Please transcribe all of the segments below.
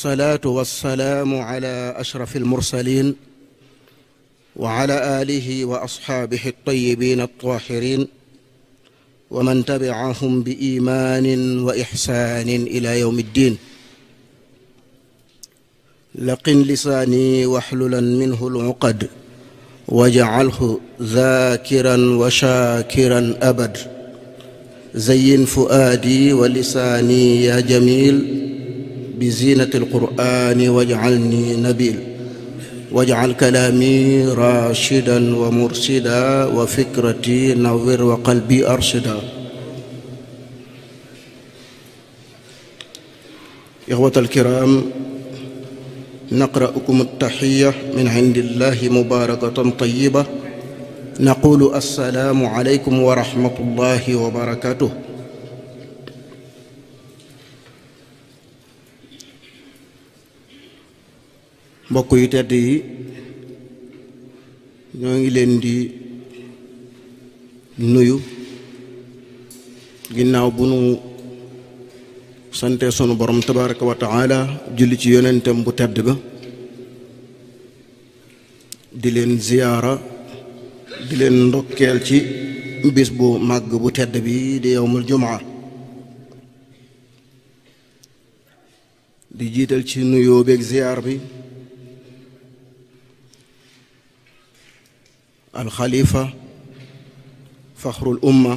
alsalaatu walsalaamu ala ashraf almursalin wa ala alihi wa asxaabihi altayibiin altahirin wa man tabiahum bi imaanin wa ixsaanin ila yowm ddin laqin lisaani waxlulan minhu alcuqad wajcalhu zaakiran wa shaakiran abad zayin fuaadi wa lisaani ya jamil بزينة القرآن واجعلني نبيل واجعل كلامي راشدا ومرشدا وفكرتي نور وقلبي أرشدا إخوة الكرام نقرأكم التحية من عند الله مباركة طيبة نقول السلام عليكم ورحمة الله وبركاته mbokk yu tedd yi ñoo ngi leen di nuyu ginnaaw bu nu sante sunu borom tabaraka wa taala julli ci yonentam bu tedd ba di leen ziyaara di leen ndokkeel ci bis bu màgg bu tedd bi di mu jumaa di jiital ci nuyoo beeg ziyaar bi alxalifa faxrul umma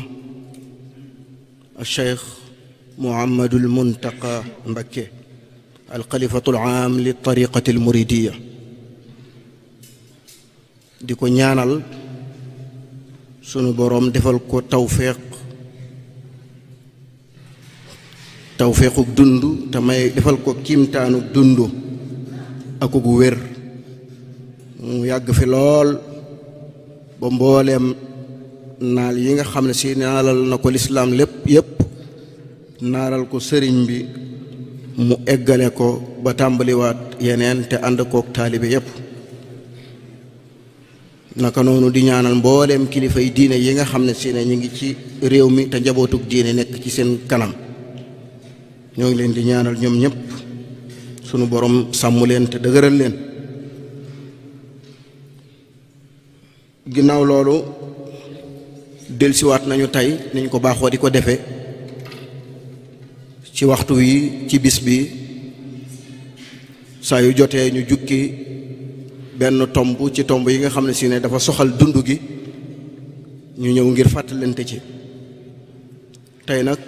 alcheikh mohammadul muntaqa mbakke alxalifatul aam li tariqati almuridiya di ko ñaanal sunu boroom defal ko tawféex tawféexuk dund te may defal ko kiimtaanuk dund akuk wér mu yàgg fi lool ba mbooleem naal yi nga xam ne si naalal na ko lislaam lépp yépp naaral ko sëriñ bi mu eggale ko ba tàmbaliwaat yeneen te ànd kook taalibe yépp naka noonu di ñaanal mbooleem kilifa yi diine yi nga xam ne si ne ñu ngi ci réew mi te njabootug diine nekk ci seen kanam ñoo ngi leen di ñaanal ñoom ñëpp sunu boroom sàmm leen te dëgëral leen ginnaaw loolu delsiwaat nañu tey niñ ko baaxoo di ko defee ci waxtu wi ci bis bi saa yu jotee ñu jukki benn tomb ci tomb yi nga xam ne si ne dafa soxal dund gi ñu ñëw ngir fàttalante ci tey nag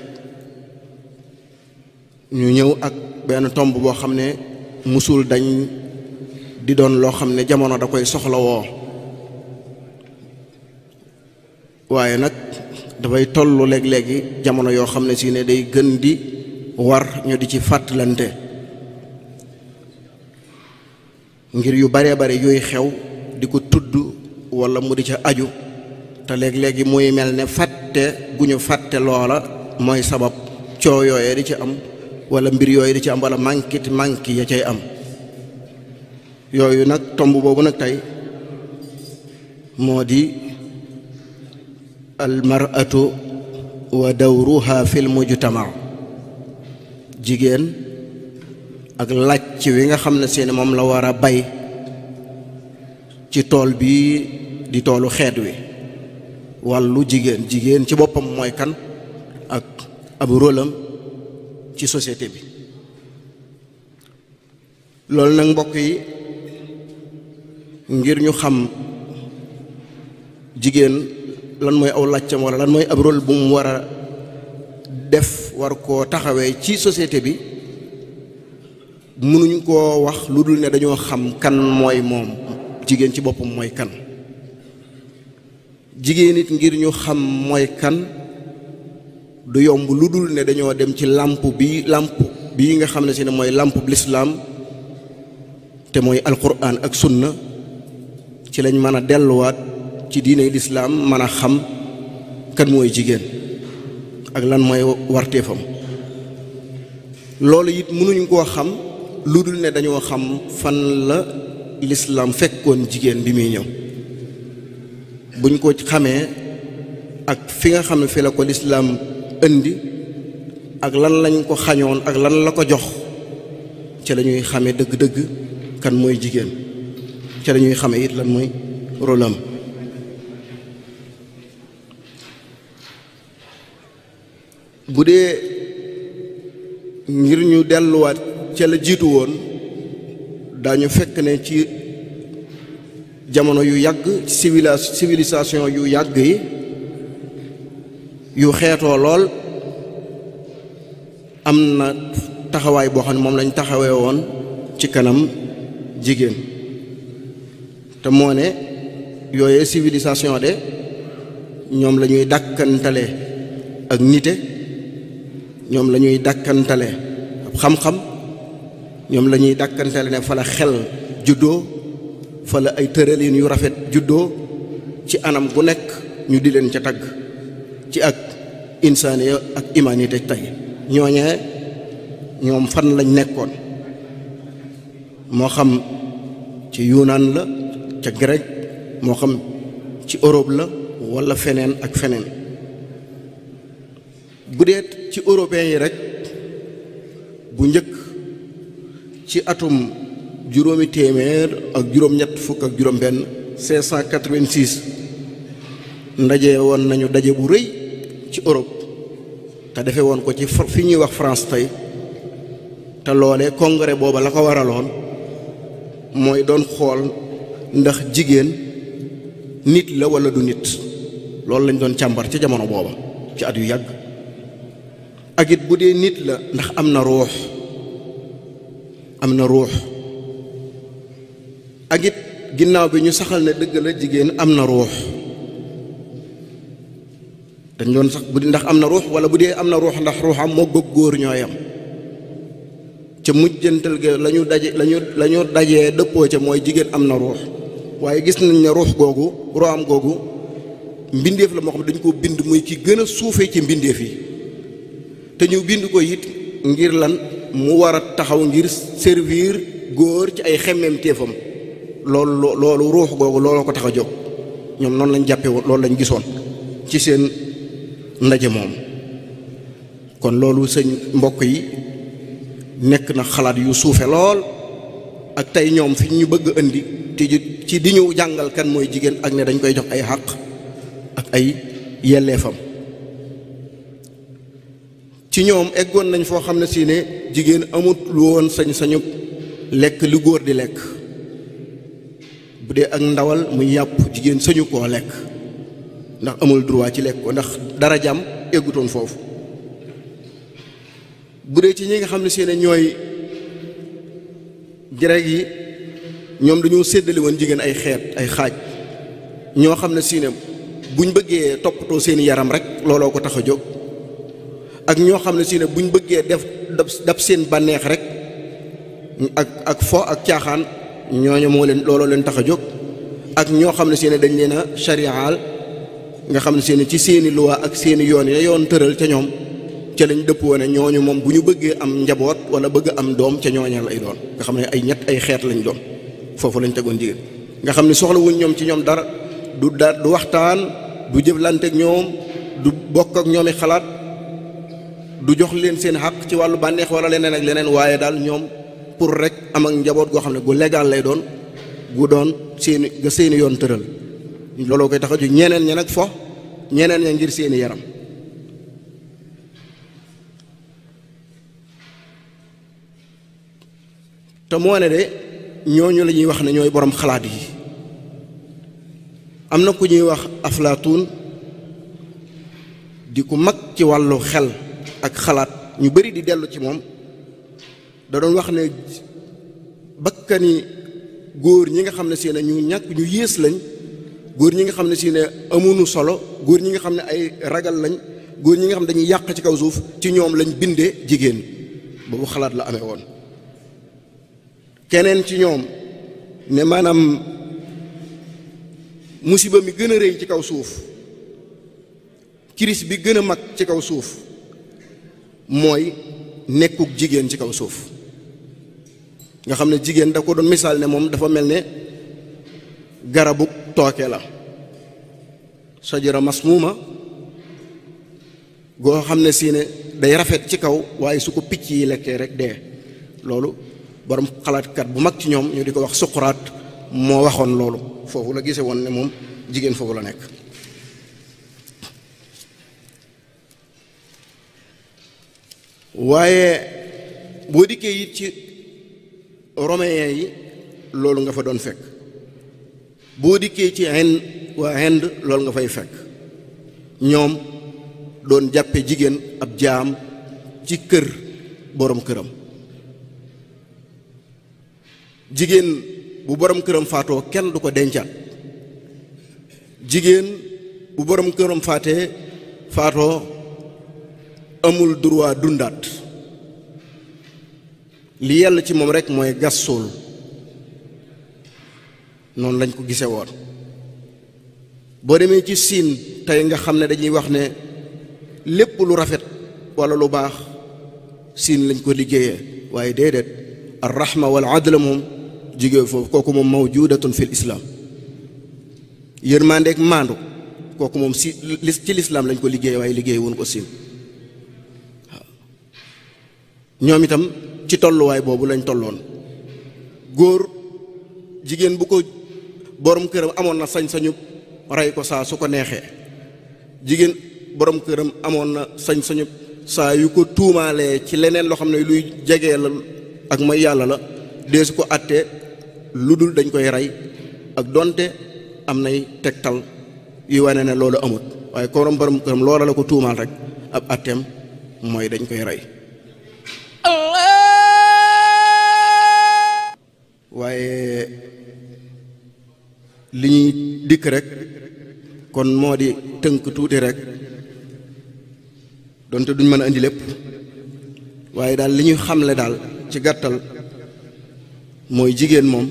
ñu ñëw ak benn tomb boo xam ne musul dañ di doon loo xam ne jamono da koy soxlawoo waaye nag dafay tollu léeg-léegi jamono yoo xam ne si ne day gën di war ñu di ci fàttalante ngir yu baree bare yooyu xew di ko tudd walla mu di ca aju te léeg-léegi muy mel ne fàtte gu ñu fàtte loola mooy sabab coow yooyee di ci am wala mbir yooyu di ci am walla mànkit mànki ya cay am yooyu nag tomb boobu nag tey moo di almaratu wa dawruha fil mujtama jigéen ak làcc wi nga xam ne seeni moom la war a bay ci tool bi di toolu xeet wi wàllu jigéen jigéen ci boppam mooy kan ak ab rolam ci société bi loolu nag mbokk yi ngir ñu xam jigéen lan mooy aw laccam wala lan mooy ab rôle bu mu war a def war koo taxawee ci société bi mënuñ koo wax lu dul ne dañoo xam kan mooy moom jigéen ci boppam mooy kan jigéen it ngir ñu xam mooy kan du yomb lu dul ne dañoo dem ci làmp bi làmp bii nga xam ne si mooy làmp lislaam te mooy alquran ak sunna ci lañ mën a delluwaat ci diiney lislaam mën a xam kan mooy jigéen ak lan mooy warteefam loolu it mënuñu koo xam lu dul ne dañoo xam fan la lislaam fekkoon jigéen bi muy ñëw buñ ko xamee ak fi nga xam ne fi la ko lislaam indi ak lan lañ ko xañoon ak lan la ko jox ci lañuy ñuy xamee dëgg-dëgg kan mooy jigéen ci la ñuy xamee it lan mooy rôlam bu dee ngir ñu delluwaat ca la jiitu woon daañu fekk ne ci jamono yu yàgg civilisation yu yàgg yi yu xeetoo lool am na taxawaay boo xam ne moom lañ taxawee woon ci kanam jigéen te moo ne yooyee civilisation de ñoom la ñuy dàkkantale ak nite ñoom lañuy ñuy dàkkantale ab xam-xam ñoom lañuy ñuy dàkkantale ne fa la xel juddoo fa la ay tëralin yu rafet juddoo ci anam bu nekk ñu di leen ca tagg ci ak insaaniya ak imanité tey ñooñee ñoom fan lañ nekkoon moo xam ci Yunaan la ca Grec moo xam ci Europe la walla feneen ak feneen bu ci européens yi rek bu njëkk ci atum juróomi téeméer ak juróom-ñett fukk ak juróom-benn ndaje woon nañu daje bu rëy ci Europe te defe woon ko ci fi ñuy wax France tey te loolee congrès booba la ko waraloon mooy doon xool ndax jigéen nit la walla du nit loolu lañ doon càmbar ci jamono booba ci at yu yàgg. ak bu dee nit la ndax am na ruux am na ruux ak ginnaaw bi ñu saxal ne dëgg la jigéen am na ruux dañ doon sax bu di ndax am na ruux wala bu dee am na ruux ndax ruuxam moo góog góor ñooy am ca mujjantal ga la ñu daje lañu la ñu dëppoo ca mooy jigéen am na ruux waaye gis nañ ne ruux googu ruuxam googu mbindeef la moo xam dañ ko bind muy ki gën a suufee ci mbindeef yi te ñu bind ko it ngir lan mu war a taxaw ngir servir góor ci ay xemmem loolu loolu ruux googu looloo ko tax a jóg ñoom noonu lañu jàppe woon loolu lañ gisoon ci seen ndaje moom kon loolu sëñ mbokk yi nekk na xalaat yu suufe lool ak tey ñoom fi ñu bëgg indi te ci di ñu jàngal kan mooy jigéen ak ne dañ koy jox ay xàq ak ay yelleefam ci ñoom eggoon nañ foo xam ne si ne jigéen amut lu woon sañ-sañu lekk lu góor di lekk bu dee ak ndawal mu yàpp jigéen sañu koo lekk ndax amul droit ci lekk ko ndax dara jàmm eggutoon foofu bu dee ci ñi nga xam ne si ne ñooy grec yi ñoom dañoo séddale woon jigéen ay xeet ay xaaj ñoo xam ne si buñ bëggee toppatoo seen yaram rek looloo ko tax a jóg ak ñoo xam ne si ne ñu bëggee def dab seen bànneex rek ak ak fo ak caaxaan ñooñu moo leen looloo leen tax a jóg ak ñoo xam ne si ne dañ leen a chariaal nga xam ne si ne ci seeni luwaa ak seeni yoon ya yoon tëral ca ñoom ca lañ dëpp woone ñooñu moom bu ñu bëggee am njaboot wala bëgg am doom ca ñooña ay doon nga xam ne ay ñett ay xeet lañ doon foofu lañ tegoon jigéen nga xam ne soxlawuñ ñoom ci ñoom dara du da du waxtaan du jëflanteeg ñoom du bokk ak ñoom i xalaat du jox leen seen xaq ci wàllu bànneex wala leneen ak leneen waaye daal ñoom pour rek am ak njaboot goo xam ne gu légal lay doon gu doon seeni ga seeni yoon tëral looloo koy tax a ju ñeneen ña nag fo ñeneen ña ngir seeni yaram te moo ne de ñooñu la ñuy wax ne ñooy boroom xalaat yi am na ku ñuy wax Aflaatuun di ku mag ci wàllu xel ak xalaat ñu bari di dellu ci moom da doon wax ne bakkani góor ñi nga xam ne si ne ñu ñàkk ñu yées lañ góor ñi nga xam ne si ne solo góor ñi nga xam ne ay ragal lañ góor ñi nga xam ne dañuy yàq ci kaw suuf ci ñoom lañ bindee jigéen boobu xalaat la amee woon keneen ci ñoom ne maanaam musiba mi gën a rëy ci kaw suuf kiris bi gën a mag ci kaw suuf mooy nekkuk jigéen ci kaw suuf nga xam ne jigéen da ko doon misaal ne moom dafa mel ne garabuk tooke la sajara masmuuma goo xam ne siine day rafet ci kaw waaye su ko picc yi lekkee rek dee loolu borom xalaatkat bu mag ci ñoom ñu di ko wax suquraat moo waxoon loolu foofu la gise woon ne moom jigéen foofu la nekk waaye boo dikkee it ci romain yi loolu nga fa doon fekk boo dikkee ci Hind waa Hind loolu nga fay fekk ñoom doon jàppe jigéen ab jaam ci kër boroom këram jigéen bu boroom këram faatoo kenn du ko dencaat jigéen bu borom këram faatee faatoo amul droit dundaat li yàlla ci moom rek mooy gas suul noonu lañ ko gise woon boo demee ci siin tey nga xam ne dañuy wax ne lépp lu rafet wala lu baax siin lañ ko liggéeyee waaye déedéet ar rahma wal adla moom jóge foofu kooku moom mawjudatun fil islaam yërmandeeg maandu kooku moom si ci lislaam lañ ko liggéey waaye liggéey woon ko siin ñoom itam ci tolluwaay boobu lañ tolloon góor jigéen bu ko boroom këram amoon na sañ-sañu rey ko saa su ko neexee jigéen boroom këram amoon na sañ-sañu saa yu ko tuumaalee ci leneen loo xam ne luy jegee la ak may yàlla la dee ko àttee lu dul dañ koy rey ak donte am nay tegtal yu wane ne loolu amut waaye korom borom këram loola la ko tuumaal rek ab àtteem mooy dañ koy rey waaye li ñuy dikk rek kon moo di tënk tuuti rek donte duñ mën a indi lépp waaye daal li ñuy xamle daal ci gàttal mooy jigéen moom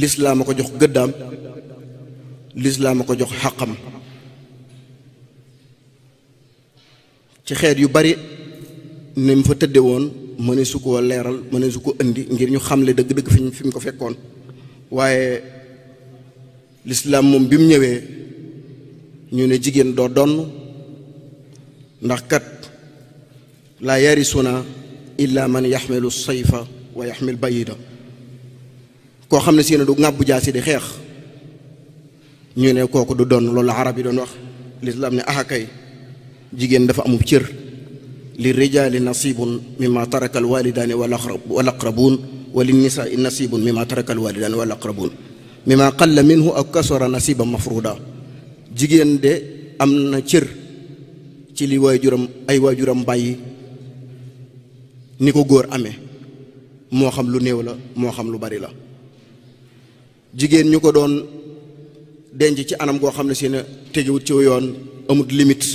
lislaam a ko jox gëddaam lislaam a ko jox xàqam ci xeet yu bari ni mu fa tëdde woon mëne su koo leeral mëne su ko indi ngir ñu xamle dëgg-dëgg fi fi mu ko fekkoon waaye lislaam moom bi mu ñëwee ñu ne jigéen doo donn ndax kat la laa yarisuna illa man yaxmilu sayfa wa yaxmil bayida koo xam ne si ne du ŋàbbu jaasi di xeex ñu ne kooku du donn loolu arab yi doon wax lislaam ne axakay jigéen dafa amub cër lirrijali nasibun mimma taraka alwalidaani wal aqrabuun wa linnisaai nasibun mimma taraka alwalidaani wal aqrabuun mimma qalla minhu aw kasara mafruda jigéen de am na cër ci li waajuram ay waajuram bàyyi ni ko góor ame moo xam lu néew la moo xam lu bari la jigéen ñu ko doon denc ci anam goo xam ne si ne tegewut ci yoon amut limite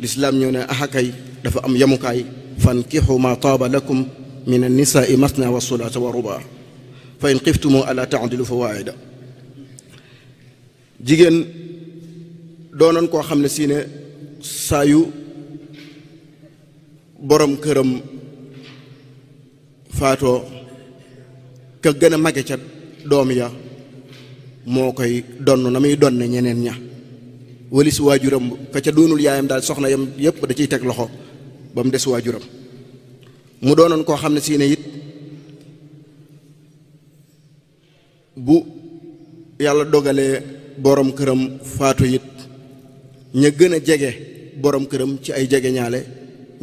lislaam ñëw ne axakay dafa am yemukaay yamukaay fankixu maa taaba lakum min annisaai masna wa sulaasa wa rubaa fa in xiftumu ala taadilu fa waahida jigéen doonoon koo xam ne si ne saa yu këram faatoo ka gën a mage ca doom ya moo koy donn na muy donne ñeneen ña walis waajuram ka ca doonul yaayam daal soxna yam yépp da ciy teg loxo ba mu des waajuram mu doonoon koo xam ne si ne it bu yàlla dogalee boroom këram faatu it ña gën a jege boroom këram ci ay jege ñaale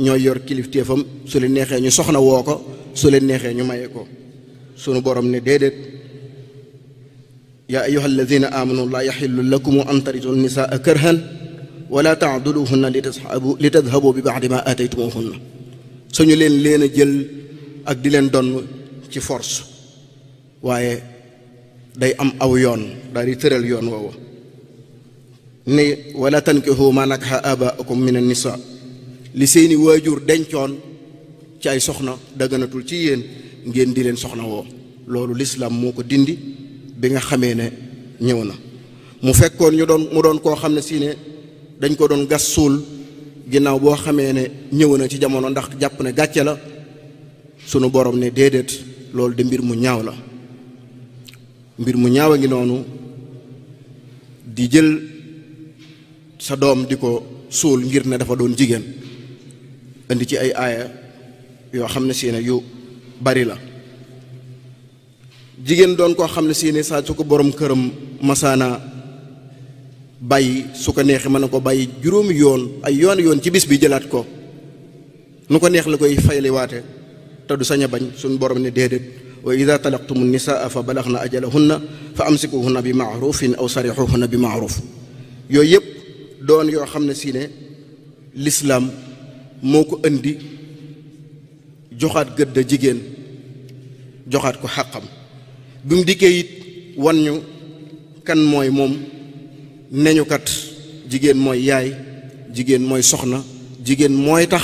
ñoo yor kilifteefam su leen neexee ñu soxna woo ko su leen neexee ñu maye ko sunu boroom ne déedéet yaa ayyuha alladina amanu laa yaxillu lakum an tarisu nisaa karhan wala taaduluhunna li leen leen a jël ak di leen donn ci force waaye day am aw yoon daal di tëral yoon woowu ne wala tankihu ma nakaha abaakum min annisa li seeni waajur dencoon ci ay soxna daganatul ci yéen ngeen di leen soxna woo loolu lislaam moo ko dindi bi nga xamee ne ñëw na mu fekkoon ñu doon mu doon koo xam ne si dañ ko doon gas suul ginnaaw boo xamee ne ñëw na ci jamono ndax jàpp ne gàcce la sunu borom ne déedéet loolu de mbir mu ñaaw la mbir mu ñaaw a ngi noonu di jël sa doom di ko suul ngir ne dafa doon jigéen indi ci ay aaya yoo xam ne si ne yu bari la jigéen doon koo xam ne si saa su ko borom këram masaana bàyyi su ko neexee ma ne ko bàyyi juróomi yoon ay yoon yoon ci bis bi jëlaat ko nu ko neex la koy fayle waate te du saña bañ suñ borom ne déedéet wa ida talaqtumu nisaa fa balaxna ajalahunna fa amsikuhunna bi maarufin aw sarixuhunna bi maaruf yooyu yëpp doon yoo xam ne siine lislaam moo ko indi joxaat gëdd jigéen joxaat ko xàqam bi mu dikkee it wan ñu kan mooy moom neñu jigéen mooy yaay jigéen mooy soxna jigéen mooy tax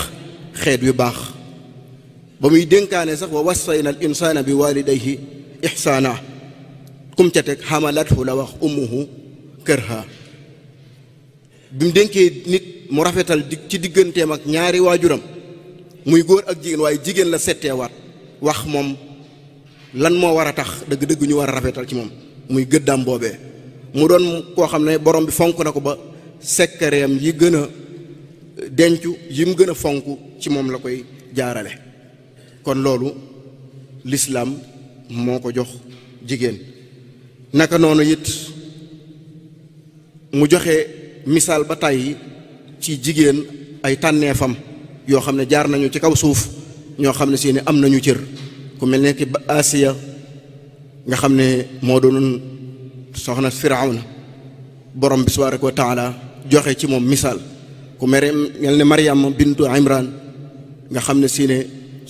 xeet wi baax ba muy dënkaane sax wa wassayna al insaana bi walidayhi ixsaana kum ca teg xamalathu la wax ummuhu kërha bi mu dénkee nit mu rafetal di ci digganteem ak ñaari waajuram muy góor ak jigéen waaye jigéen la setteewaat wax moom lan moo war a tax dëgg-dëgg ñu war a rafetal ci moom muy gëddaam boobee mu doon koo xam ne borom bi fonk na ko ba sekkareem yi gën a dencu yi mu gën a fonk ci moom la koy jaarale kon loolu lislaam moo ko jox jigéen naka noonu it mu joxe misaal ba tàyyi ci jigéen ay tànneefam yoo xam ne jaar nañu ci kaw suuf ñoo xam ne si am nañu cër ku mel ne ki Asiya nga xam ne moo doon soxna firawna borom bi subhaanahu wa taala joxe ci moom misaal ku mere mel ne Maryam bintu Imran nga xam ne siine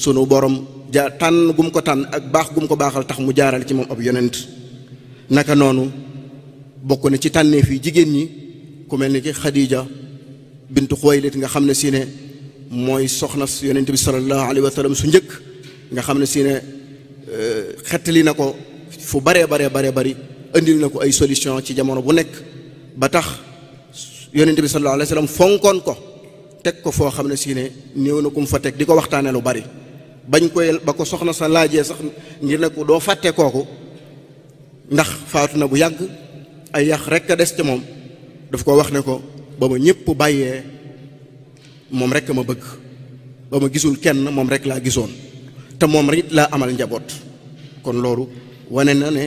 sunu borom ja tànn gum ko tànn ak baax gum ko baaxal tax mu jaaral ci moom ab yonent naka noonu bokk na ci tànnee fii jigéen ñi ku mel ni ki Khadija bintu Xuwaylid nga xam ne si mooy soxna yonent bi sallallahu alayhi wa su njëkk nga xam ne siine ne euh, xettali na ko fu baree baree baree bari indil na ko ay solution ci jamono bu nekk ba tax yonent bi sallallahu alayhi wa fonkoon ko teg ko foo xam ne si ne néew na ko mu fa teg di ko waxtaanee lu bari bañ koy ba ko soxna sa laajee sax ngir ne ko doo fàtte kooku ndax faatu na bu yàgg ay yàq rek a des ca moom daf ko wax ne ko ba ma ñëpp bàyyee moom rek ma bëgg ba ma gisul kenn moom rek laa gisoon te moom it laa amal njaboot kon loolu wane na ne.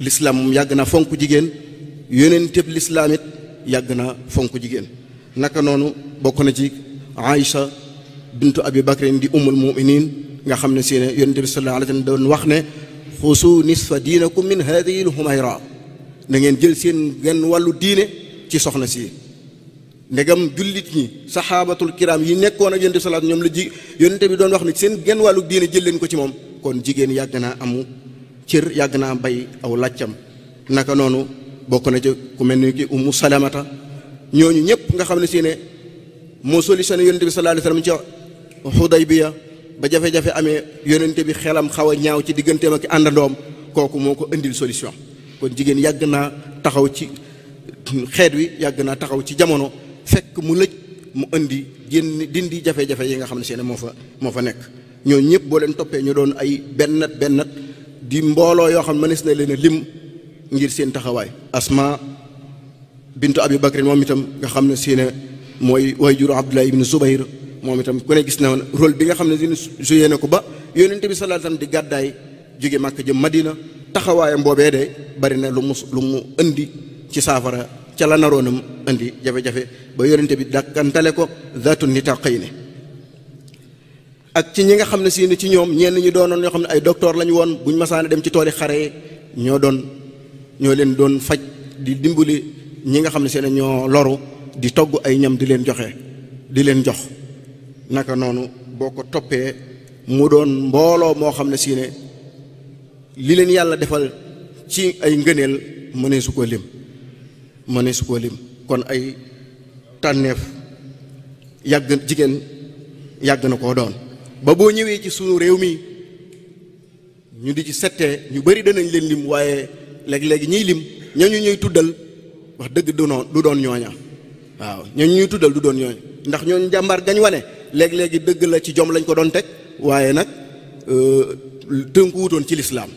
lislaam moom yàgg na fonk jigéen yonenteb lislaam yàgg na fonk jigéen naka noonu bokk na ci Aïcha bintu Abi Bakrin di ummul muminin nga xam ne si ne yonente bi sallallahu alayhi doon wax ne xusu nisfa diinakum min hadihi l humayra na ngeen jël seen genn wàllu diine ci soxna si ndegam jullit ñi saxaabatul kiram yi nekkoon ak yonente bi sallallahu ñoom la ji yonente bi doon wax ne seen genn wàllu diine jël leen ko ci moom kon jigéen yàgg naa amul cër yàgg naa bay aw laccam naka noonu bokk na ci ku mel ni ki umu salamata ñooñu ñëpp nga xam ne si ne moo solutionné yonente bi sallallahu alayhi wasallam ci Hudaybiya ba jafe amee yonente bi xelam xaw ñaaw ci digganteem ak àndandoom kooku moo ko indil solution kon jigéen yàgg naa taxaw ci xeet wi yàgg naa taxaw ci jamono fekk mu lëj mu indi génn dindi jafe-jafe yi nga xam ne seen moo fa moo fa nekk ñooñu ñëpp boo leen toppee ñu doon ay bennat bennat di mbooloo yoo xam ne mënees na leen a lim ngir seen taxawaay asma bintu abi bakrin moom itam nga xam ne seen mooy waajur abdullah ibn zubayr moom itam ku ne gis na rôle bi nga xam ne dina joué na ko ba yonent bi sallallahu alayhi wasallam di gàddaay jóge màkk jëm madina taxawaayam boobee de bari na lu mu lu mu indi ci saafara ca la naroonam indi jafe-jafe ba yonent bi dakkantale ko xëy ne ak ci ñi nga xam ne si ci ñoom ñenn ñu doonoon ñoo xam ne ay docteur lañu woon buñ masaana dem ci tooli xare ñoo doon ñoo leen doon faj di dimbali ñi nga xam ne si ñoo loru di togg ay ñam di leen joxe di leen jox naka noonu boo ko toppee mu doon mbooloo moo xam ne si li leen yàlla defal ci ay ngëneel mënee su lim mënee su ko lim kon ay tànneef yàgg jigéen yàgg na koo doon ba boo ñëwee ci sunu réew mi ñu di ci settee ñu bari danañ leen lim waaye léeg-léegi ñiy lim ñooñu ñuy tuddal wax dëgg du noon du doon ñooña waaw ñooñu ñuy tuddal du doon ñooña ndax ñoo njàmbaar gañ wane léeg-léegi dëgg la ci jom lañ ko doon teg waaye nag euh, tënku wutoon ci lislaam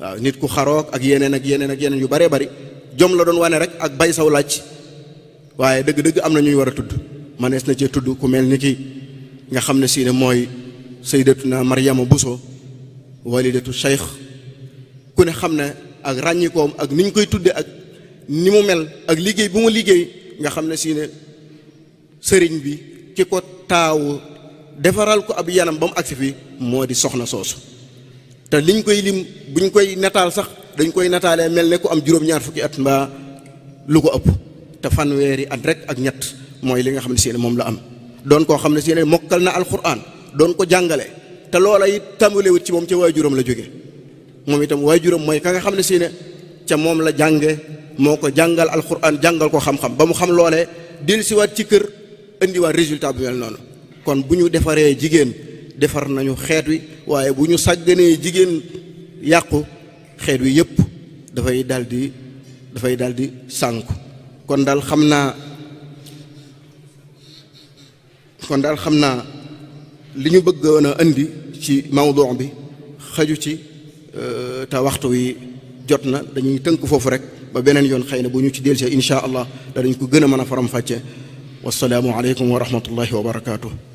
waaw nit ku xarook ak yeneen ak yeneen ak yeneen yu baree bari jom la doon wane rek ak bay saw laaj waaye dëgg-dëgg am na ñuy war a tudd manees na cee tudd ku mel ni ki nga xam ne si mooy sayyidatuna Maryama Bousso walidatu Cheikh ku ne xam ne ak ràññikoom ak ni ñu koy tuddee ak ni mu mel ak liggéey bu mu liggéey nga xam ne si sëriñ bi ki ko taawu defaral ko ab yanam ba mu agsi fi moo di soxna soosu te liñ koy lim buñ koy nataal sax dañ koy nataalee mel ne ku am juróom-ñaar fukki at mbaa lu ko ëpp te fanweeri at rek ak ñett mooy li nga xam ne si ne moom la am doon koo xam ne si ne mokkal na alquran doon ko jàngale te loola it tàmbalewut ci moom ca waajuram la jóge moom itam waajuram mooy ka nga xam ne si ne ca moom la jànge moo ko jàngal alxuraan jàngal ko xam-xam ba mu xam loolee dellusiwaat ci kër indiwaat résultat bu mel noonu kon bu ñu defaree jigéen defar nañu xeet wi waaye bu ñu sàgganee jigéen yàqu xeet wi yëpp dafay daldi di dafay daal di sànku kon dal xam naa kon dal xam naa li ñu bëggoon a indi ci mawduu bi xaju ci euh, te waxtu wi jot na dañuy tënk foofu rek ba beneen yoon xëy na bu ñu ci dellusee incha allah danañ ko gën a mën a faram-fàccee wasalaamu aleykum wa rahmatullahi wa barakaatu.